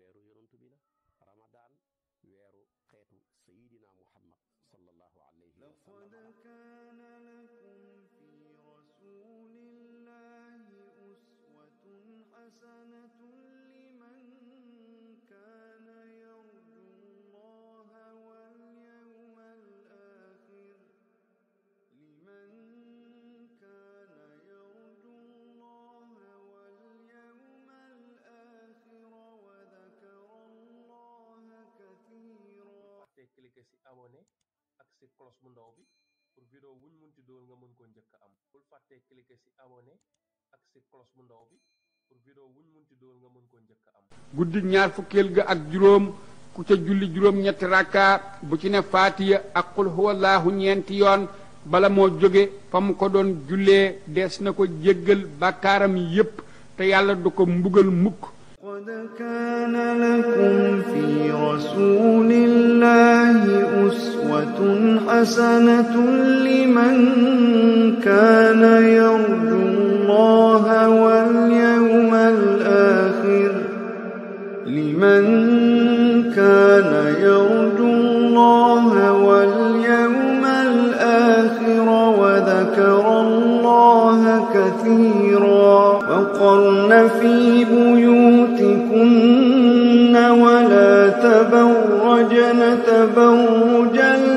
weeru yonantu bi la ramadaan weeru xeetu sayidina muhammad sallallahu alayhi wa sallam laqad kaana lakum fi rasulillahi uswatun hasana cliquer si abonné ak si cloche bu ndaw bi pour vidéo wuñ munti dool nga mën ko njëkk am bul fàttee cliquer si abonné ak si cloche bu ndaw bi pour vidéo wuñ munti dool nga mën ko njëkk am guddi ñaar fukkeel ga ak juróom ku ca julli juróom ñett rakka bu ci ne faatiya ak qul huwallahu ñeenti yoon bala moo jóge fa mu ko doon jullee des na ko jéggal bàkkaaram yépp te yàlla du ko mbugal mukk حسنة لمن كان يرجو الله واليوم الآخر لمن كان يرجو الله واليوم الآخر وذكر الله كثيرا وقرن في بيوتكن ولا تبرجن تبرجا